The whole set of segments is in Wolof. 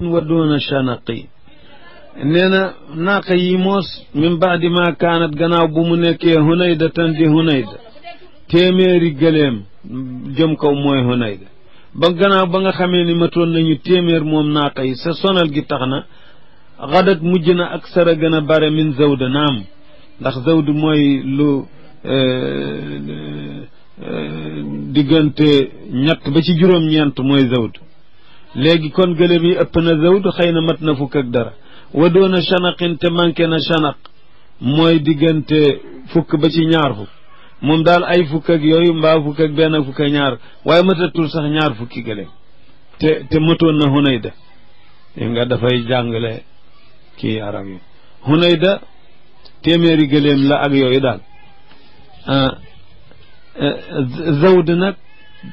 wa duuna na naaqa yi moos min baadi ma kaanat gannaaw bu mu nekkee hunayda tan di hunayda téeméeri gëléem jëm kaw mooy hunayda ba gannaaw ba nga xamee ni matoon nañu téeméer moom naaqa yi sa sonal gi tax na xadat mujj na ak sara gën a bare min zawda naam ndax zawd mooy lu diggante ñett ba ci juróom-ñeent mooy zawd léegi kon gëléem yi ëpp na zawd xëy na mat na fukk ak dara wa doona chanaqin te manqué na chanaq mooy diggante fukk ba ci ñaar fukk moom daal ay fukk ak yooyu mbaa fukk ak benn ak fukk ak ñaar waaye matatul sax ñaar fukki gëléem te te mëtoon na Hunayda yi nga dafay jàngale ki arab yi Hunayda téeméeri gëléem la ak yooyu daal zawd nag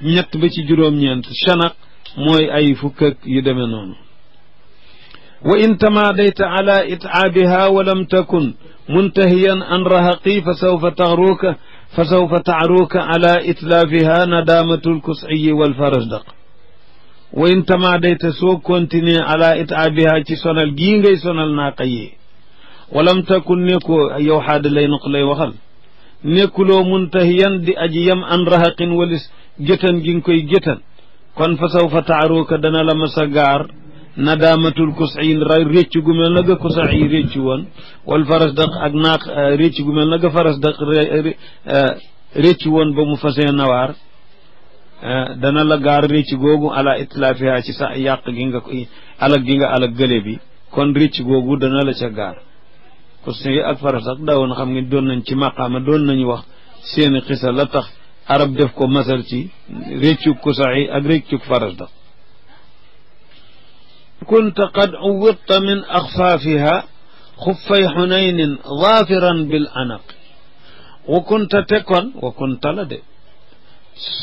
ñett ba ci juróom-ñeent chanaq mooy ay fukk ak yu demee noonu wa in tamaadayta ala itcaabiha wa lam takun muntahiyan an rahaqi fa sawfa taxruuka fa sawfa tacruuka ala itlaafiha nadaamatu lkusciyi walfarasdaq wa in tamaadayta soo continuer ala itcaabiha ci sonal gii ngay sonal naaqa yi wa lam takun nekkoo yow xaada lay noq lay waxal nekkuloo muntahiyan di aji yam an rahaqin walis gétan gi nga koy gétan kon fa sawfa taaruka dana la mas a gaar nadaamatul kusin récc gu mel na ga kusin yi récc woon wal faras daq ak naaq euh, récc gu mel na ga faras daq récc euh, woon ba mu fasee nawaar euh, dana la gaar récc googu ala itlaafiha ci sa yàq gi nga koy gi nga alag gële bi kon récc googu dana la ca gaar kusin yi ak faras daq daawoon xam nga doon nañ ci maqaama doon nañu wax seeni xisa la tax arab def ko masal ci réccug kusaxi ak réccug farasdaq kunta qad uwidta min axfaafiha xuffay xunaynin zaafiran bil anaq wa kunta tekkoon wa kunta la de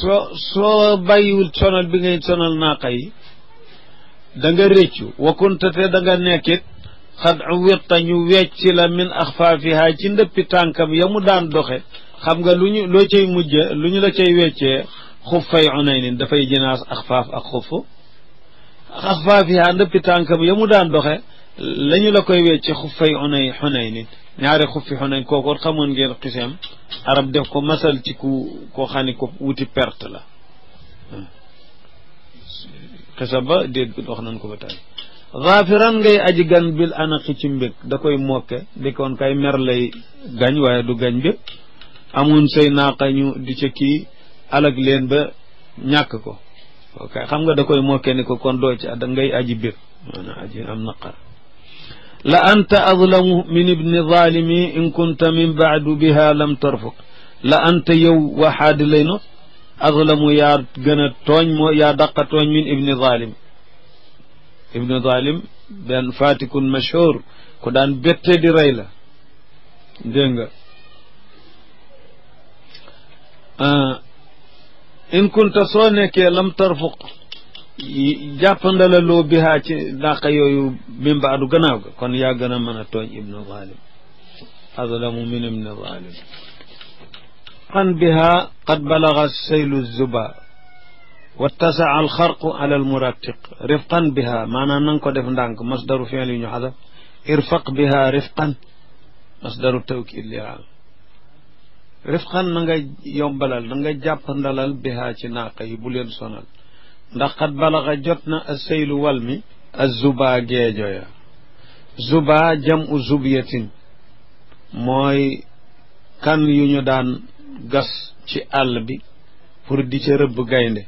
soo soo bàyyiwul sonal bi ngay sonal naaqa yi da wa kunta te da nga nekkit xad ñu wecci la min axfaafiha ci ndëppi ya mu daan doxe xam nga lu ñu loo cay mujje lu ñu la cay weccee xuf fay unaynin dafay jinaas axfaaf ak xufu axfaaf yaa ndëppi tànkam ya mu daan doxe lañu ñu la koy wecce xuf fay unay xunaynin ñaari xuffi xunayn kookoon xamoon ngeen xiseem arab def ko masal ci ku koo xam ko wuti perte la xisa ba dégg wax nañ ko ba tey gaafiran ngay aji gan bil anaqi ci mbég da koy mokke di kay mer lay gañ waaye du gañ bépp amuñ say naaqañu di ca alag leen ba ñàkk ko ok xam nga da koy mokkee ko kon doo ci da ngay aji bir maanaam aji am naqar min ibni zalimi in kunta min baadu biha lam tarfuq la anta yow waxaadi lay not azlamu yaa gën a tooñ moo yaa daqa tooñ min ibni zalim ibni zalim benn daan bette di rey la Euh, in kunta soo nekkee lam tarfuq jàppandala loo bihaa ci dàq yooyu mimbaadu gannaaw ga kon yaa gën a mën a tooñ ibnu zalim azlamu min ibni zalim xan bihaa qad balaga saylu zuba wattasaa alxarqu ala almurattiq rifqan bihaa maanaam na nga ko def ndànk masdaru fiil yu ñu xadaf irfaq bihaa rifqan masdaru tawkid li rifqan na nga yombalal danga nga jàpp ndalal bihaa ci naaqa yi bu leen sonal ndax xat balaxa jot na a seylu wal mi a zuba geejo ya zuba jam u zubyatin mooy kan yu ñu daan gas ci àll bi pour di ca rëbb gaynde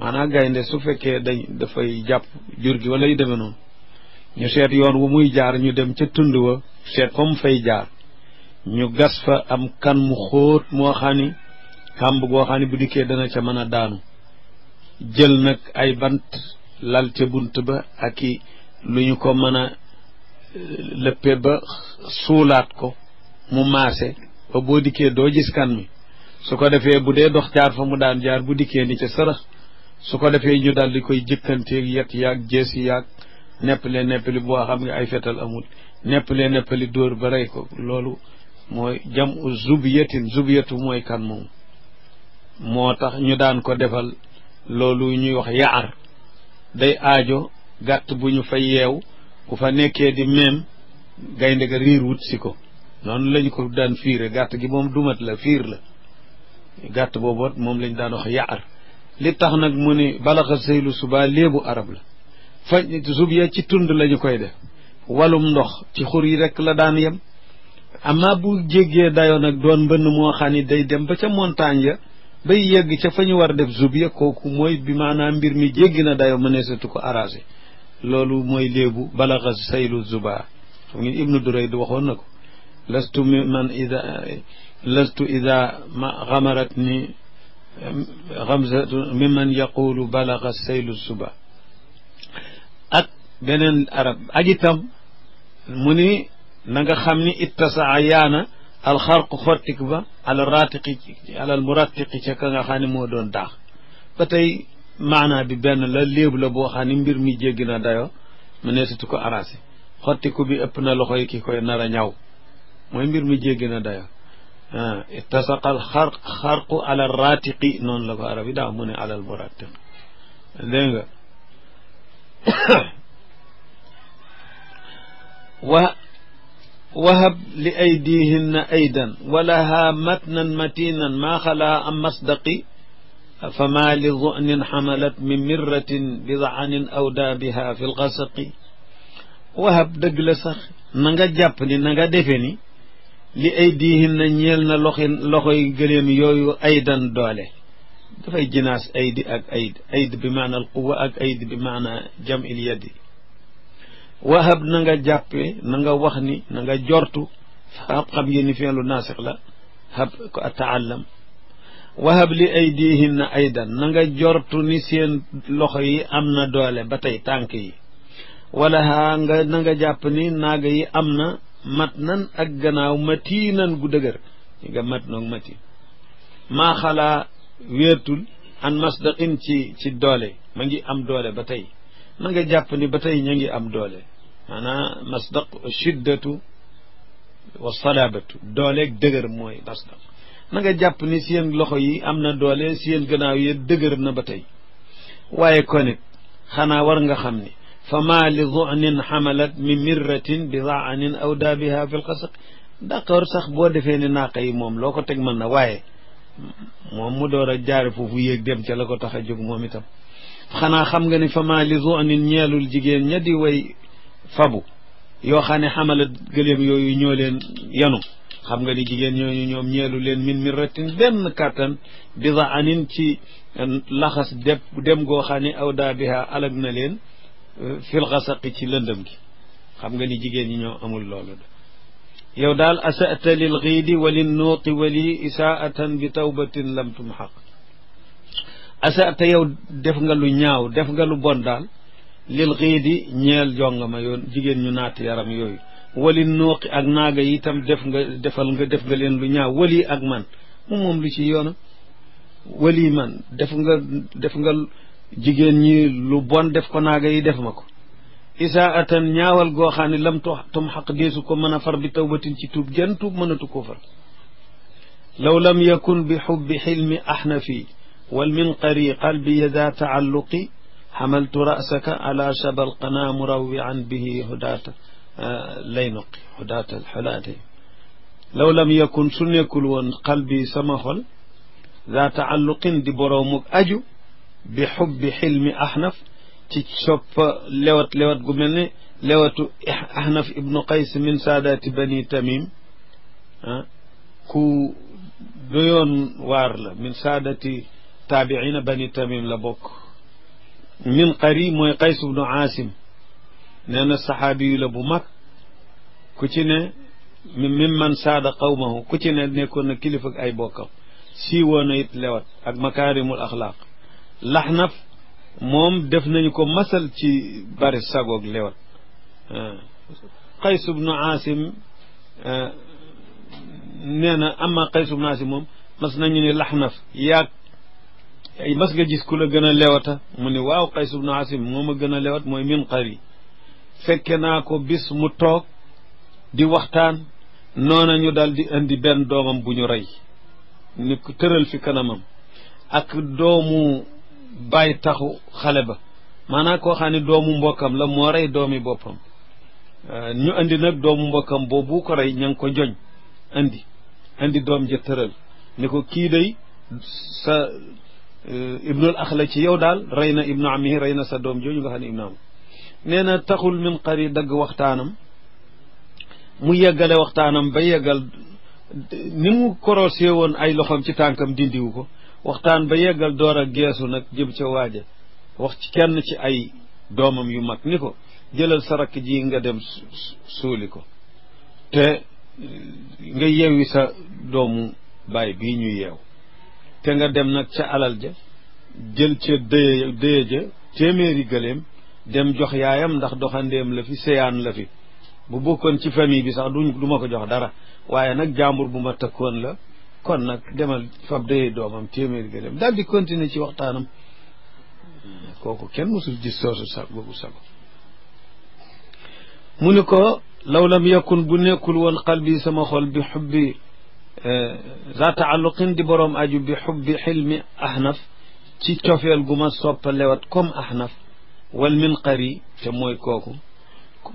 maanaa gaynde su fekkee dafay jàpp jur gi wala yu demee noonu ñu seet yoon wu muy jaar ñu dem ca tund wa seet fa mu fay jaar ñu gas fa am kan mu xóot moo xam ni kàmb goo xam ni bu dikkee dana ca mën a daanu jël nag ay bant lal ca bunt ba ak i lu ñu ko mën a euh, lëppe ba suulaat ko mu maase ba boo dikkee doo gis kan mi su ko defee bu dee dox jaar fa mu daan jaar bu dikkee ni ca sëra su ko defee ñu daal di koy jëkkanteeg yet yaag jeesi yaag neppale neppali boo xam nga ay fetal amul neppale neppali dóor ba rey ko loolu mooy jam u zubiyatin zubiyatu mooy kan moom moo tax ñu daan ko defal loolu ñuy wax yaar day aajo gàtt bu ñu fa yeew bu fa nekkee di meem gaynde ga riir wut si ko noonu lañ ko daan fiire gàtt gi moom dumat la fiir la gàtt booboot moom lañ daan wax yaar li tax nag mu ni balaxa seylu subaa léebu arab la fa zub ci tund lañu koy def walum ndox ci xur yi rekk la daan yem amma bu jéggee dayoon ak doon mbënn moo xam ni day dem ba ca montagne ya bay yegg ca fa ñu war def zub ya kooku mooy bi maanaam mbir mi jéggi na dayo mëneesatu ko arrangé loolu mooy léebu balaxa saylu zuba xam ngeen ibnu duray di waxoon na ko lastu man ida lastu ida ma xamarat ni xamsatu mimman yaqulu balaxa saylu zuba ak beneen arab ak itam mu ni na nga xam ni ittasaa yaana alxarqu xottik ba ala ratiqi alal nga xam moo doon daax ba tey maanaa bi benn la léeb la boo xam mbir mi jéggi na dayoo mu neesitu ko arrangé xottiku bi ëpp na loxoy ki koy nar a ñaw mooy mbir mi jéggi na dayoo ah ittasaqal xar xarqu ala ratiqi noonu la ko arab yi daaw mu ne alal murattiq dégg nga wa wahab li aydihinna aydan walaha matnan matinan maa xalaa am masdaqi fama li zonin xamalat min mirratin bidaanin awdaa biha fi lxasaqi wahab dëgg la sax na nga jàpp ni na nga defe ni li aydihinna ñeel na loxi loxoy gëléem yooyu aydan doole dafay jinaas aydi ak ayd ayd bi maana alquwa ak ayd bi maana jam il yadi wahab na nga jàppe wax ni na jortu xam xam ngeen ni fi'lu naasix la hab ko taallam wahab li aydihinna aydan na nga jortu ni seen loxo yi am na doole ba tey tànk yi wala haa nga na nga jàpp ni naaga yi am na mat nan ak gannaaw matiinan gu dëgër ñi nga mat noog mati maa xalaa wéertul an masdaqin ci ci doole ma ngi am doole ba tey na nga jàpp ni ba tey ñu ngi am doole maanaam masdaq shiddatu wa salabatu dooleeg dëgër mooy masdaq na nga jàpp ni seen loxo yi am na doole seen gannaaw yi dëgër na ba tey waaye kon it xanaa war nga xam ni fa maa li zonin xamalat mi mirratin bi zaanin aw daabiha fi lxasaq d'accord sax boo defee ni naaqa yi moom loo ko teg mën na waaye moom mu door a jaare foofu yéeg dem ca la ko tax a jóg moom itam xanaa xam nga ni fama li zonin ñeelul jigéen ña way fabu yoo xam ne xamala gëléem yooyu ñoo leen yanu xam nga ni jigéen ñooñu ñoom ñeelu leen min min rattin benn kàttan bisa anin ci laxas dep dem goo xam ne aw daa biha alag na leen euh, fil xasaqi ci lëndëm gi xam nga ni jigéen ñi ñoo amul loolu de yow daal asata lil xiidi wali nuuqi wali isaatan bi tawbatin lam tumxaq asata yow def nga lu ñaaw def nga lu bon daal lil xiidi ñeel jongama yoon jigéen ñu naat yaram yooyu wali nuuqi ak naaga yi itam def nga defal nga def nga leen lu ñaaw wali ak man mu moom lu ci yoona wali man def nga def nga jigéen ñi lu bon def ko naaga yi def ma ko isaatan ñaawal goo xam ne lam tum xaq deesu ko mën a far bi tawbatin ci tuub jën tuub mënatu koo far law lam yakun bi xubbi xilmi ahnafi wal minqari qalbiya daa taalluqi xamaltu rasaka ala shabal qanaa murawian bihi hudaata eh, lay noqi hudaata xulaate law lam yakun su nekkul woon qalbi sama xol daa taalluqin di boroomuk aju bi xubbi xilmi ahnaf ci soppa lewat lewat gu mel ne lewatu ahnaf ibnu qays min saadaati bani tamim ah ku doyoon waar la min saadati taabiina bani tamim la bokk min qari mooy qays ibnu aasim nee na saxaabi yu la bu mag ku ci ne min man saada qawmahu ku ci ne nekkoon na kilifa ay bokkam siiwoon na it lewat ak makaarimul axlaaq laxnaf moom def nañu ko masal ci bari sagoog lewal ah. qays bnu aasim ah, nee na ama qays bnu aasim moom mas nañu ni laxnaf yaag mas nga gis ku la gën a lewata mu ni waaw qays bnu aasim moom a gën a lewat mooy min qari fekke naa ko bis mu toog di waxtaan noona ñu daal di indi benn doomam bu ñu rey ni tëral fi kanamam ak doomu bàyyi taxu xale ba maanaam koo xam doomu mbokkam la moo rey doomi boppam euh, ñu indi nag doomu mbokkam boobu ko rey ña ngi ko joñ indi indi doom ja ni ko kii day sa euh, ibnul axla ci yow daal rey na ibnu amihi rey na sa doom joñu nga xam ne ibnu am nee na taxul min xari dagg waxtaanam mu yeggale waxtaanam ba yeggal ni mu korosee woon ay loxoom ci tànkam dindiwu ko waxtaan ba yeggal door a geesu nag jëm ca waaja wax ci kenn ci ay doomam yu mag ni ko jëlal sa rakk ji nga dem suuli ko te nga yeewi sa doomu baay bii ñu yeew te nga dem nag ca alal ja jël ca dëye dëye ja téeméeri gëléem dem jox yaayam ndax doxandeem la fi séyaan la fi bu bokkoon ci famille bi sax duñ du ma ko jox dara waaye nag jàmbur bu ma tëkkoon la kon nag demal fab dayee doomam téeméeri gëléem daal di continuer ci waxtaanam kooku kenn mësul gis soosu sag boobu sago mu ni ko law lam yakun bu nekkul woon qalbi sama xol bi xubbi eh, za taalluqin di boroom aju bi xubbi xilmi ahnaf ci cofeel gu ma soppa lewat comme ahnaf wal min qari te mooy kooku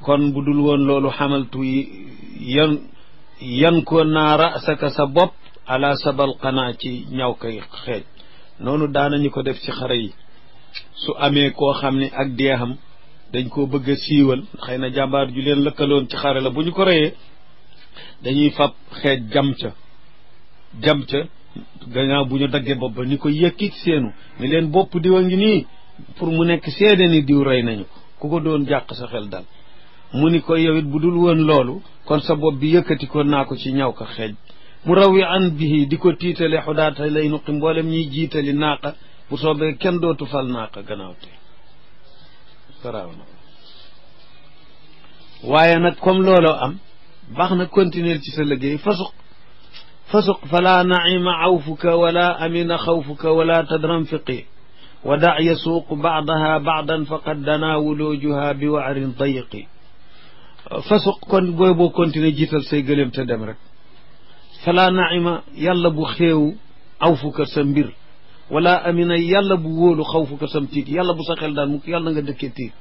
kon bu dul woon loolu xamaltu yan yan ko naa rasaka sa bopp ala sabal xanaa ci ñaw kay xeej noonu daanañu ko def ci xare yi su amee koo xam ni ak deexam dañ koo bëgg a siiwal xëy na jàmbaar ju leen lëkkaloon ci xare la bu ñu ko reyee dañuy fab xeej jam ca jam ca gannaaw bu ñu daggee bopp ba ni ko yëkkit seenu ni leen bopp diwa ngi nii pour mu nekk seede ni diw rey nañu ko ku ko doon jàq sa xel dal mu ni ko yow bu dul woon loolu kon sa bopp bi yëkkati ko naa ko ci ñaw ka xeej mu rawi an bihi di ko tiitale xudaata lay nuqi mboolem ñuy jiitali naaqa bu soobee kenn dootu fal naaqa gannaaw te garaaw na waaye nag comme looloo am baax na continuer ci sa liggéey fasuq fasuq fala naima awfuka wala amina xawfuka wala tadram fiqi wa da yasuuqu baadaha baadan faqad dana wuloojuha bi waarin dayiqi fasuq kon booy boo continuer jiital say gëléem te dem rek fala naima yàlla bu xéew aw fuka sa mbir wala amina yàlla bu wóolu xaw fuka sam tiit yàlla bu sa xel daal mukk yàlla nga dëkkee tiit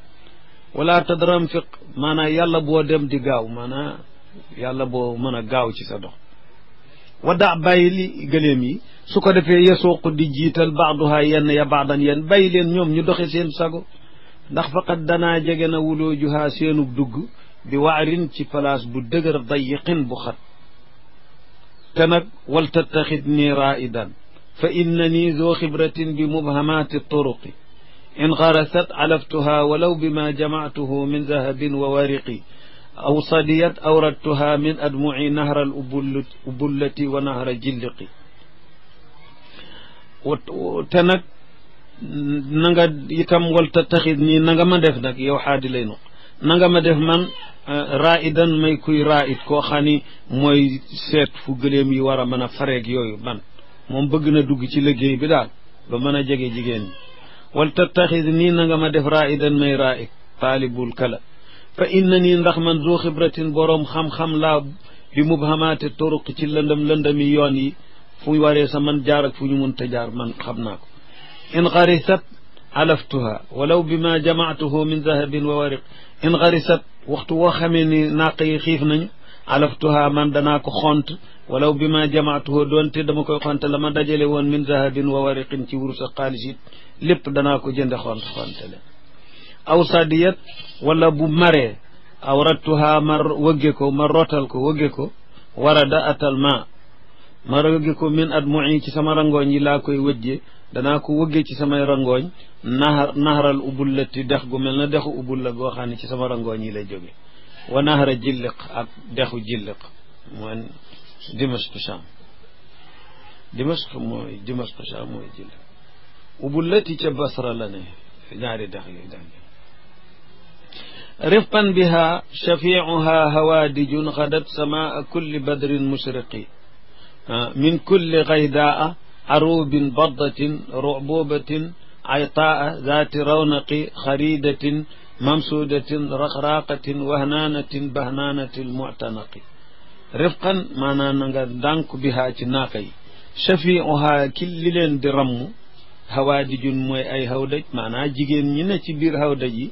wala tadram fiq maanaa yàlla boo dem di gaaw maanaa yàlla boo mën a gaaw ci sa dox wadda bàyyi li gëléem yi su ko defee yesooq di jiital baaduha yenn ya baadan yenn bàyyi leen ñoom ñu doxe seen sago ndax faqat danaa jege na wuloojuha seenub dugg bi waarin ci place bu dëgër dayiqin bu xat te nag wal tattaxid nii raidan fa inna nii zoo xibratin bi mubhamaati turuqi in xarasat alaftuha walaw bima jamactuhu min zahabin wa wariqi aw sadiyat awradtuha min admuci nahra al ubullati wa nahra jilliqi te nag na nga itam wal tattaxid nii na nga ma def nag yow xaadi lay nuq na nga ma def man euh, raidan may kuy raid koo xam mooy seet fu gëléem yi war a mën a fareeg yooyu man moom bëgg na dugg ci liggéey bi daal ba mën a jege jigéen ñi wal tattaxid nii na nga ma def raidan may raid taalibul kala fa na nii ndax man zoo xibratin boroom xam-xam laa bi te turuq ci lëndëm lëndëmi yoon yi fu waree sa man jaar ak fu ñu mënta jaar man xam naa ko in xarisat alaftuha walaw bi ma jamaatuhu min dahabin wa wariq in garisat waxtu woo xamee ni naaq yi xiif nañu alaftuha man danaa ko xont walaw bi ma jamaatuhu doonte dama koy xonte la ma dajale woon min dahabin wa wariqin ci wurus ak xaalis it lépp danaa ko jënde xont xonte le aw sadiyat wala bu maree awrattuha ma wëgge ko ma rotal ko wëgge ko warada atal ma ma wëgge ko min at mu ci sama rangooñ yi laa koy wëjje danaa ko wëggee ci samay rangooñ nahar naharal ubullati dex gu mel na dexu ubul la goo xam ne ci sama rangooñ yi lay jóge wa nahara jilliq ak dexu jilliq mooy dimashqu sham dimashq mooy dimashqu sham mooy jilliq ubullati ca basra la ne ñaari dex yooyu daan rifqan biha shafiuha hawaadijun xadat samaa kulli badrin mushriqi ah, min kulli gaydaa aruubin baddatin rububatin aytaa zaati rawnaqi xaridatin mamsuudatin raqraaqatin wahnaanatin bahnaanatin mutanaqi rifqan maanaam na nga ndànk bi haa ci naaqa yi leen di ramm hawaadijun mooy ay hawdaj maanaam jigéen ñi ci biir hawdaj yi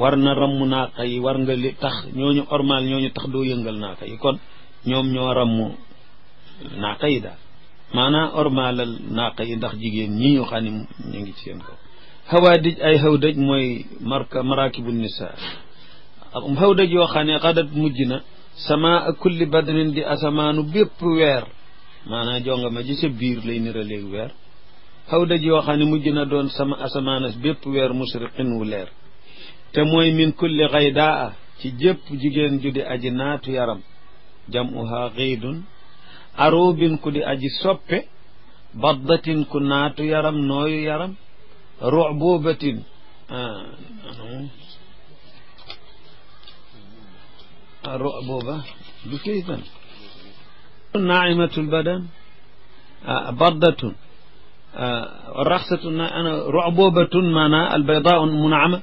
war na ramm yi war nga li tax ñooñu ormal ñooñu tax doo yëngal naaqa yi kon ñoom ñoo ramm naaqa yi maanaam ormaalal naaq yi ndax jigéen ñi ñu xam ñu ngi ci seen kaw hawaadij ay hawdaj mooy marka maraakibu nisaa hawdaj yoo xam ne xadat mujj na sama ak kulli badrin di asamaanu bépp weer maanaam jongama ji sa biir lay nira léegi weer hawdaj yoo xam ne mujj na doon sama asamaanas bépp weer musriqin wu leer te mooy min kulli xaydaa ci jëpp jigéen ju di aji yaram jam uha xaydun aroobin ku di aji soppe baddatin ku naatu yaram nooyu yaram rububatin ah, rububa du kayfan naimatul badan ah, baddatun ah, raxsatu rububatun maana albaydaa munaama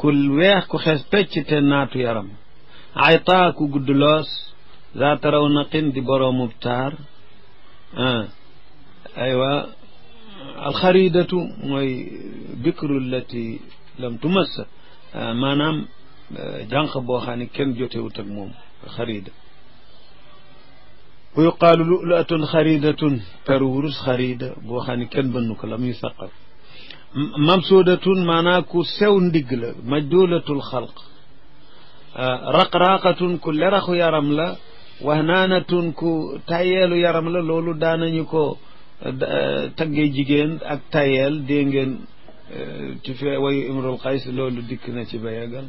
ku weex ku xees pecc te naatu yaram aytaa ku gudd loos za taraw naqin di boroomu taar aywa alxaridatu mooy bikru lati lam tumassa maanaam e, jànq boo xam ne kenn jotewut ak moom xarida wa yuqaalu lu'latun xaridatun peru wurus xarida boo xam ne kenn bënnu ko la muy saqal mamsudatun maanaa ku sew ndigg la majdulatul xalq raqraaqatun ku leraxu yaram la wax naanatun ku tayeelu yaram la loolu daan daanañu ko eh, eh, tagge jigéen ak tayeel dégg eh, ci fee wayu imrul xays loolu dikk na ci ba yeggal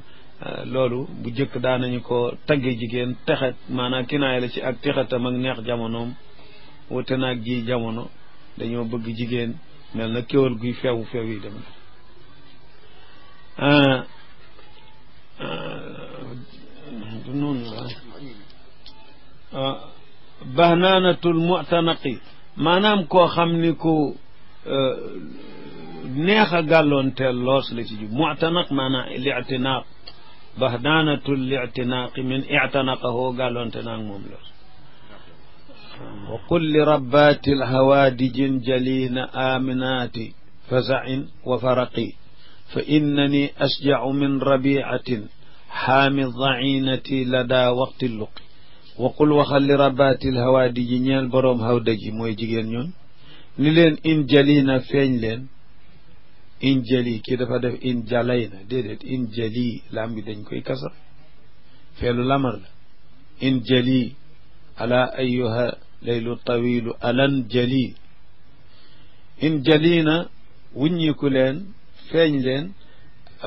loolu bu jëkk daanañu ko taggee jigéen texat maanaam kina la ci ak texatam ak neex jamonoom wute naag ji jamono dañoo bëgg jigéen mel na kéwal guy feewu feew yi dem na du noonu la Euh, bahnaanatul mutanaqi maanaam koo xam ni ku euh, neex a gàlloonteel loos la ci jub mutanaq maanaam litinaq bahnaanatul litinaqi min itanaqahoo gàlloonte naag moom loos wa qul li rabbaati lhawaadijin jalina aminaati fazain wa faraqi fa innani asjacu min rabicatin xaami dacinati lada waqti luqi waqul waxal li rabaatil hawaadi ji ñeel boroom hawda mooy jigéen ñoon ni leen in jali na feeñ leen in jali kii dafa def in jalay na déedéet laam bi dañ koy kasar feelu lamar la in jali ala ayuha laylu tawilu alan jali in jali na wuññiku leen feeñ leen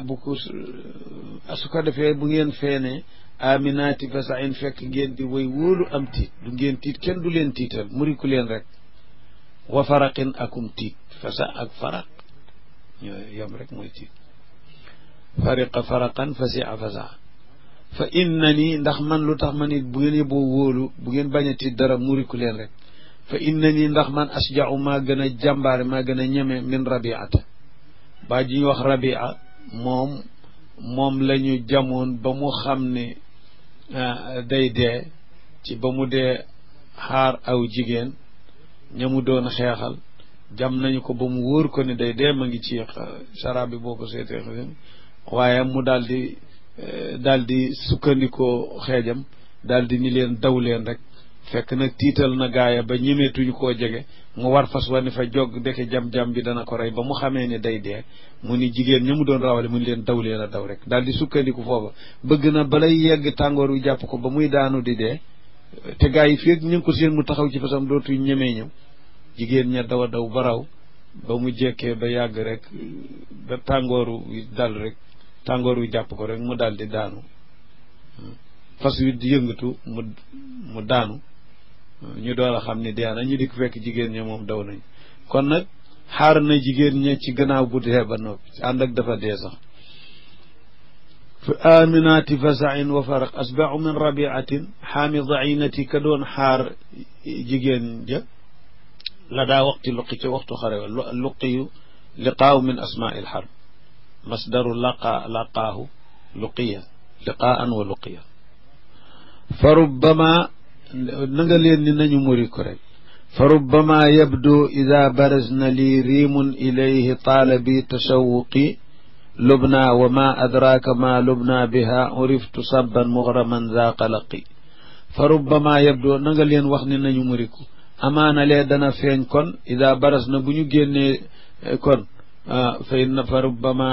bu ko su ko defee ngeen feenee aminaati fasain fekk ngeen di way wóolu am tiit du ngeen tiit kenn du leen tiital muriku leen rek wa faraqin akum tiit fasa ak faraq ñooy yom rek mooy tiit fariqa faraqan fasia fasa fa inna ni ndax man lu tax ma nit bu ngeen yeboo wóolu bu ngeen bañ tiit dara muriku leen rek fa na ni ndax man asjau maa gën a jàmbaare ma gën a ñeme min rabiata baa ji ñu wax rabia moom moom la jamoon ba mu xam ne Euh, day dee ci ba mu dee xaar aw jigéen ña mu doon xeexal jam nañu ko ba mu wóor ko ni day dee ma ngi ci euh, saraab bi boo ko seetee waaye mu daal di euh, daal sukkandikoo xeejam daldi di ni leen daw leen rek fekk nag tiital na gaaya ba ñu koo jege mu war fas wa ni fa jog ndeke jam-jam bi dana ko rey ba mu xamee ne day dee mu ni jigéen ña mu doon rawale mu ni leen daw leen a daw rek daal di sukkandiku foofa bëgg na balay yegg tàngoor wi jàpp ko ba muy daanu di dee te gaa yi fii ñu mu taxaw ci fasam dootuñ ñemee ñëw jigéen ña daw a daw ba raw ba mu jekkee ba yàgg rek ba tàngooru wi dal rek tàngoor wi jàpp ko rek mu daal di daanu hmm. fas wi di yëngatu mu daanu ñu door a xam ni dee na ñu di ko fekk jigéen ña moom daw nañ kon nag xaar na jigéen ña ci gannaaw bu dee ba noppi ànd ak dafa dee sax fa aminaati fasain wa faraq asbaau min rabiatin xaamida inati ka doon xaar jigéen ja la daa waqti luqi ca waxtu xare wa luqiyu liqaaw min asmaa il xarb masdaru laqa laqaahu luqiya liqaan wa luqiya fa rubbama na nga leen ni nañu muri ko rek fa rubbama yabdu ida barazna lii riimun ilayhi taalabi tashawuqi lubna wa ma adraka ma lubna biha uriftu sabban mughraman za qalaqi fa rubbama yabdu na nga leen wax ni nañu muriku amaana lee dana feeñ kon ida baras na bu ñu génnee eh, kon ah, fa inna fa rubbama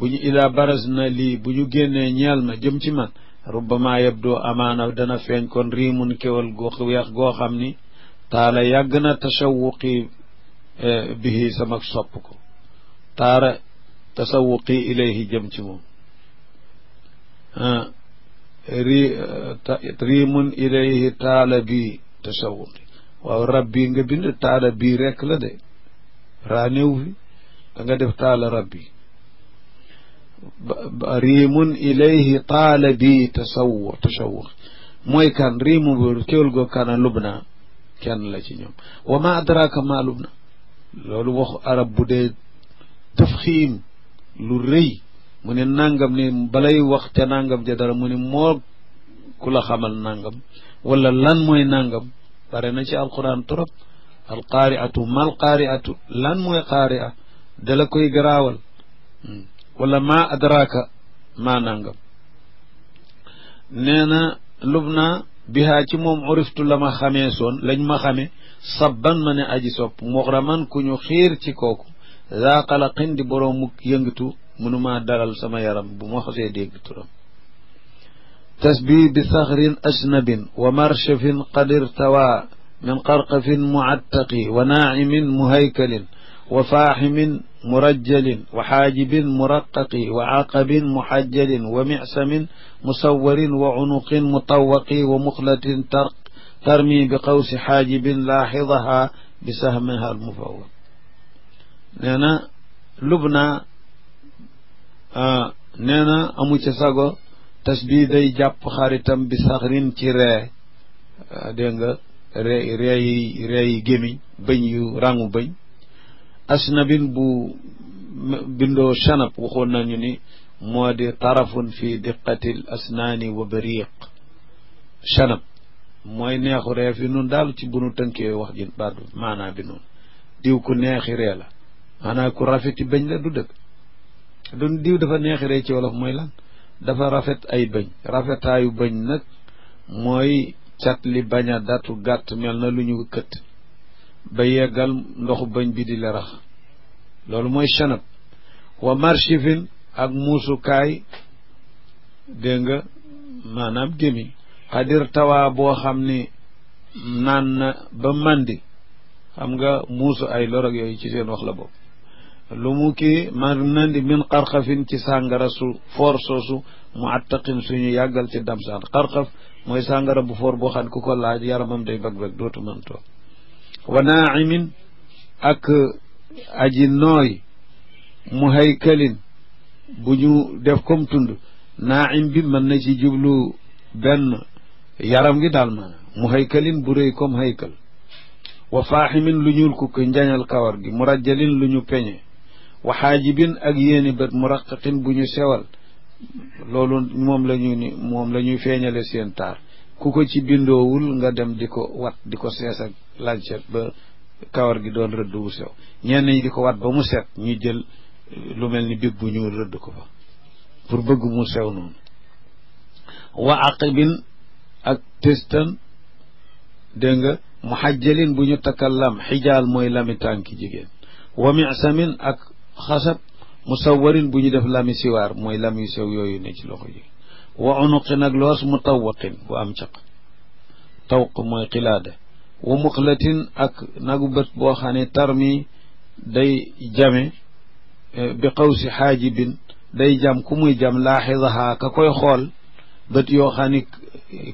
bu ñu ida baras na lii bu ñu génnee ñeel ma jëm ci man rubbama yabdoo amaana dana feeñ kon riimun kéwal gu weex goo xam ni taala yàgg na tasawuqi e, bihi sama sopp ko taara tasawuqi ilayhi jëm ci moom ri riimun ilayhi taala bii tasawuqi waaw rabbi nga bind taala bii rekk la de raanéw fi da nga def taala rabbi riimun ilayhi taala bi tasawu tasawux mooy kan riimu bu kéwél goo kana lubna kenn la ci ñoom wa ma adraka ma lubna loolu waxu arab bu dee tafxiim lu rëy mu ne nangam ni balay wax te nangam ja dara mu ne moo ku la xamal nangam wala lan mooy nangam bare na ci alquran trop alqaariatu mal qaariatu lan mooy qaaria da koy garaawal hmm. wala maa adraka maa nangam nee na lubna bi ci moom uriftu la ma xamee soon lañ ma xame sabban ma ne aji sopp muxraman ku ñu xiir ci kooku daa xalaqin di boroom mu yëngatu mënumaa dalal sama yaram bu ma xasee dégg turam tasbi bi saxrin ajnabin wa marshafin qad irtawaa min qarqafin muattaqi wa naacimin muhaykalin wa faaximin murajjalin wa xaajibin muraqaqi wa aqabin muxajjalin wa micsamin musawarin wa cunuqin mutawaqi wa muxlatin tar tarmi bi qawsi xaajibin laaxidaha bi sahmiha almufawwal nee na lubna nee na amu ci sago tasbii day jàpp xaritam bi saxrin ci ree dégg nga ree ree yi ree yi gémiñ bëñ yu rangu bëñ asnabin bu bindoo chanab waxoon nañu ni moo di tarafun fi diqatil asnaani wa bariq mooy neexu ree fi nun daal ci bunu tënkee wax ji baat maanaa bi noonu diw ku neexi ree la maanaa ku rafeti bañ la du dëgg dun diw dafa neexi ree ci wolof mooy lan dafa rafet ay bëñ rafetaayu bëñ nag mooy cat li bañ a datu gàtt mel na lu ñu kët ba yeggal ndoxu bañ bi di lerax loolu mooy chanab wa marchifin ak muusukaay dégg nga maanaam gémi xadir tawa boo xam ni naan na ba mandi xam nga muusu ay lorog yooyu ci seen wax la bopp lu mu kii ma nandi min xarxafin ci sàngara su foor soosu mu attaqin suñu yàggal ci damsaan xarxaf mooy sàngara bu foor boo xam ne ku ko laaj yaramam day bëg-bëg dootu mën toog wa naacimin ak aji nooy mu haykalin bu ñu def comme tund naacim bi mën na ci jublu benn yaram ngi daal maanaam mu haykalin bu rëy comme haykal wa faaximin lu ñuul kukk njañal kawar gi mu lu ñu peñe wa xaajibin ak yéeni bët mu bu ñu sewal loolu moom la la ñuy feeñale seen taar ku ko ci bindoowul nga dem di ko wat di ko sees ak lancet ba kawar gi doon rëdd wu sew ñenn ñi di ko wat ba mu set ñu jël eh, lu mel ni big bu ñuul rëdd ko fa pour bëgg mu sew noonu wa aqibin ak testan dégg nga mu xajjalin bu ñu takkal lam xijaal mooy lami tànki jigéen wa misamin ak xasab musawarin bu ñu def lami siwaar mooy lami sew yooyu ne ci loxo yi wa unuqin ak loos mu wa bu am caq tawq mooy xilaade wa muqlatin ak nagu bët boo xam ne tarmi day jame eh, bi qawsi xaajibin day jam ku muy jam laaxidahaa ka koy xool bët yoo xam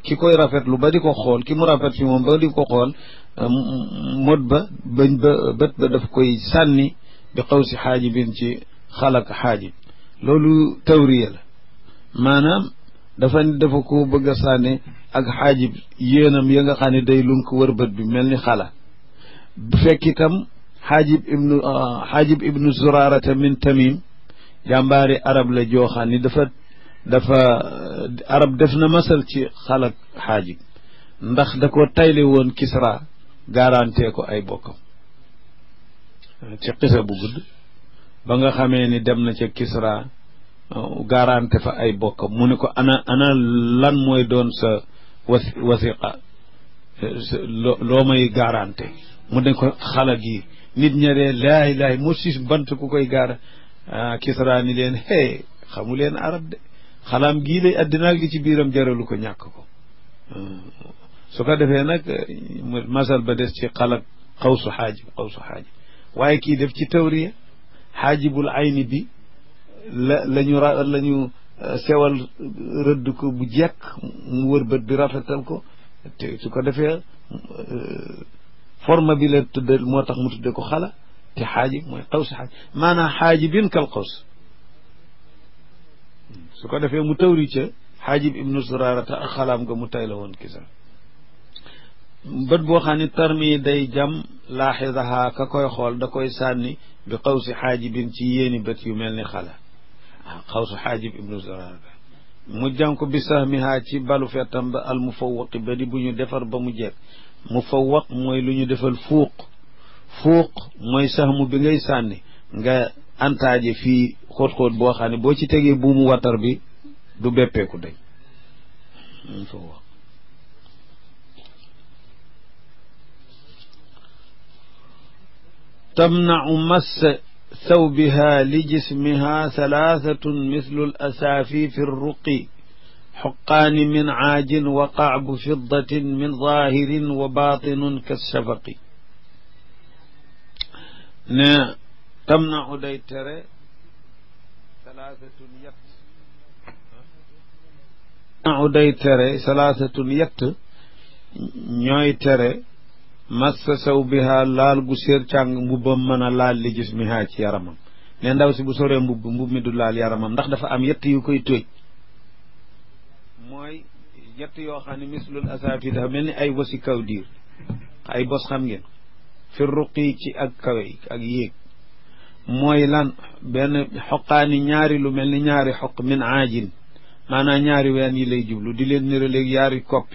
ki koy rafetlu ba di ko xool ki mu rafet fi moom ba di ko xool eh, mot ba bañ ba bët ba daf koy sànni bi qawsi xaajibin ci xalak xaajib loolu tawriya la dafa dafa ko bëgg a sànne ak xaajib yéenam ya nga xam ne day lunk ko bët bi mel ni xala fekk itam xaajib ibnu ah, xaajib ibnu zuraarata min tamim jàmbaari arab la joo xam ni dafa dafa arab def na masal ci xalak xaajib ndax da ko tayle woon kisra garantee ko ay bokkam ci xisa bu gudd ba nga xamee ni dem na ca kisra Oh, gaarante fa ay bokkam mu ne ko ana lan mooy doon sa wasi wasiqa loo may gaarante mu ne ko xala gi nit ñaree laay laay mu sis bant ku koy gaara ah, kisra leen hey xamu leen arab de xalaam gii lay addinaa gi ci biiram jaralu ko ñàkk ko ah, su ko defee nag masal ba des ci xalak xawsu xaajib xawsu xaajib waaye kii def ci tawriya xaajibul ayni bi la la ñu euh, sewal euh, rëdd ko bu jekk mu wër bët bi rafetal ko te su ko defee euh, forme bi la tudde moo tax mu tudde ko xala te xaaji mooy xawsi xaaji maanaam xaaji bin kal xaws su ko defee mu tawri ca xaajib ibnu surarata ak xalaam nga mu tay la woon kisa bët boo xam ne tarmi day jam laaxisahaa ka koy xool da koy sànni bi xaw si xaaji bin ci yéeni bët yu mel ni xala xawsu xaajib ibnu zaraar mu jànku bi sahmihaa ci balu fettam ba al ba di bu ñu defar ba mu jekk mufawwaq mooy lu ñu defal fuuq fuuq mooy sahmu bi ngay sànni nga antaaje fi xóot-xóot boo xam boo ci tegee buumu watar bi du beppeeku dañ mufawwaq tamnau ثوبها لجسمها ثلاثة مثل الأسافي في الرقي حقان من عاج وقعب فضة من ظاهر وباطن كالشفق ne tamnahu day tere salaasatun yett tamnahu day tere salaasatun yett ñooy tere massa saw biha laal gu séer càng mbubbam mën a laal li gis mi ci yaramam ne ndaw si bu soree mbubb mbubb mi du laal yaramam ndax dafa am yett yu koy tóoj mooy yett yoo xam ne mislul dafa mel ni ay wasi kaw diir ay bos xam ngeen fi ruqi ci ak kawe ak yéeg mooy lan benn xoqaani ñaari lu mel ni ñaari xoq min aajin maanaam ñaari ween yi lay jublu di leen nira léegi yaari kopp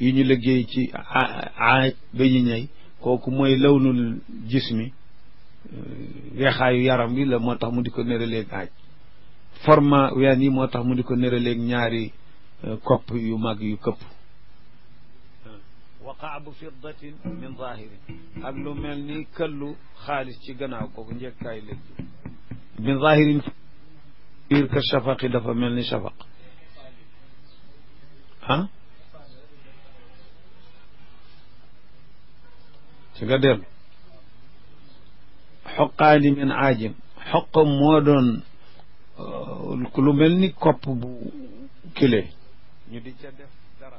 yi ñu liggéey ci aaj ba ñu ñëw kooku mooy lawnul jismi euh, weexaayu yaram bi la moo tax mu di ko nëraleeg aaj forme ween yi moo tax mu di ko nëraleeg ñaari euh, kopp yu mag yu këpp wa qaabu fiddatin min zahirin ak lu mel ni këllu xaalis ci gannaaw kooku njëkkaay léeg min zahirin biir ka shafaqi dafa mel ni shafaq ah su nga dellu xoqaani min aajim xoqam moo doon uh, lu mel ni kop bu kile ñu di ca def dara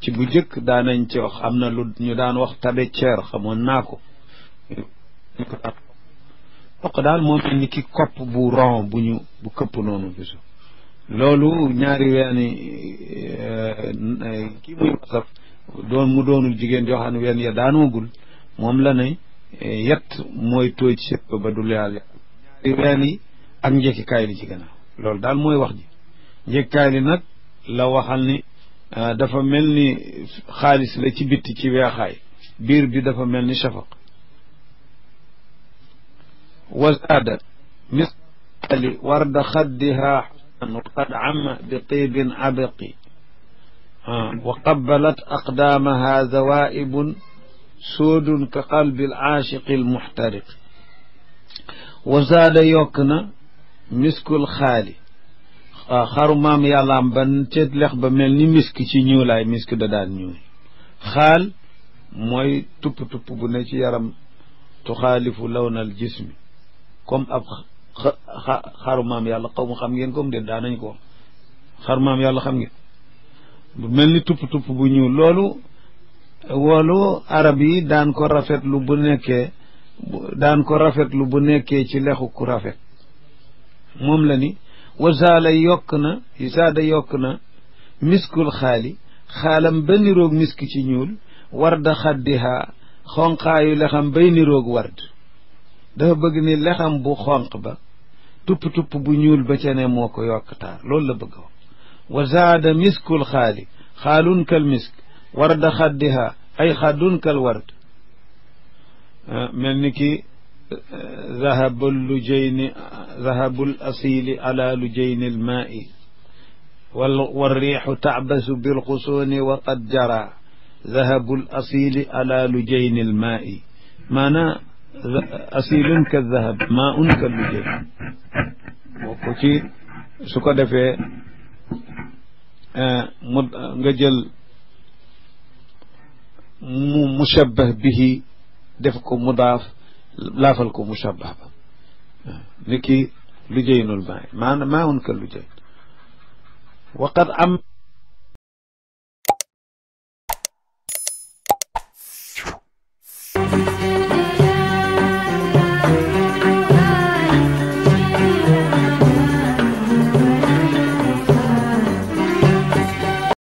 ci bu jëkk daanañ ci wax am na lu ñu daan wax tabe ceer xamoon naa ko xoq daal moom mel ni ki kopp bu ron bu ñu bu këpp noonu loolu ñaari weeni uh, uh, kii muy wasaf doon mu doonul jigéen joo xam ne wenn ya daanoogul moom la ne yett mooy tooy sëpp ba du laal ñaari ween yi ak njëkkikaay li ci gannaaw loolu daal mooy wax ji njëkkikaay nag la waxal ni dafa mel ni xaalis la ci bitti ci weexaay biir bi dafa mel ni shafaq wasaada misali warda xaddiha xusnan qad ama bi tibin abqi wa qabalat aqdaamaha zawaibun soodun ka qalbi alaachiqi almuxtariq wa zaada yokk na miskul xaali xaru maam yàllaam ba ceet lex ba mel ni misk ci ñuulaay misk da daan ñuul xaal mooy tupp-tupp bu ne ci yaram tuxaalifu lawnal jismi comme ab xaru maam yàlla xaw ma xam ngeen comme de daanañ ko xaru maam yàlla xam ngeen bu mel ni tupp tupp bu ñuul loolu woolu arab yi daan ko rafetlu bu nekkee daan ko rafetlu bu nekkee ci lexu ku rafet moom la ni wasaala yokk na isaada yokk na miskul xaali xaalam ba niroog misk ci ñuul warda xaddihaa xonqaayu lexam bay niroog ward dafa bëgg ni lexam bu xonq ba tupp tupp bu ñuul ba ca ne moo ko yokk taar loolu la bëgg wax wa zaada miskul xaali xaalun kal misk warda xaddiha ay xaddun kal ward mel ni ki zahabul lujayni zahabul asili ala lujayni almaai والريح تعبس بالغصون وقد جرى ذهب الأصيل على لجين الماء معنى أصيل كالذهب ماء كاللجين وكتي سكدفه Euh, mu nga jël mu mushabbah bihi def ko mudaaf laafal ko mushabbah ba ni ki lujaynul maay maana maa un ka lujayn waqad am